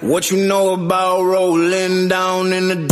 What you know about rolling down in the deep?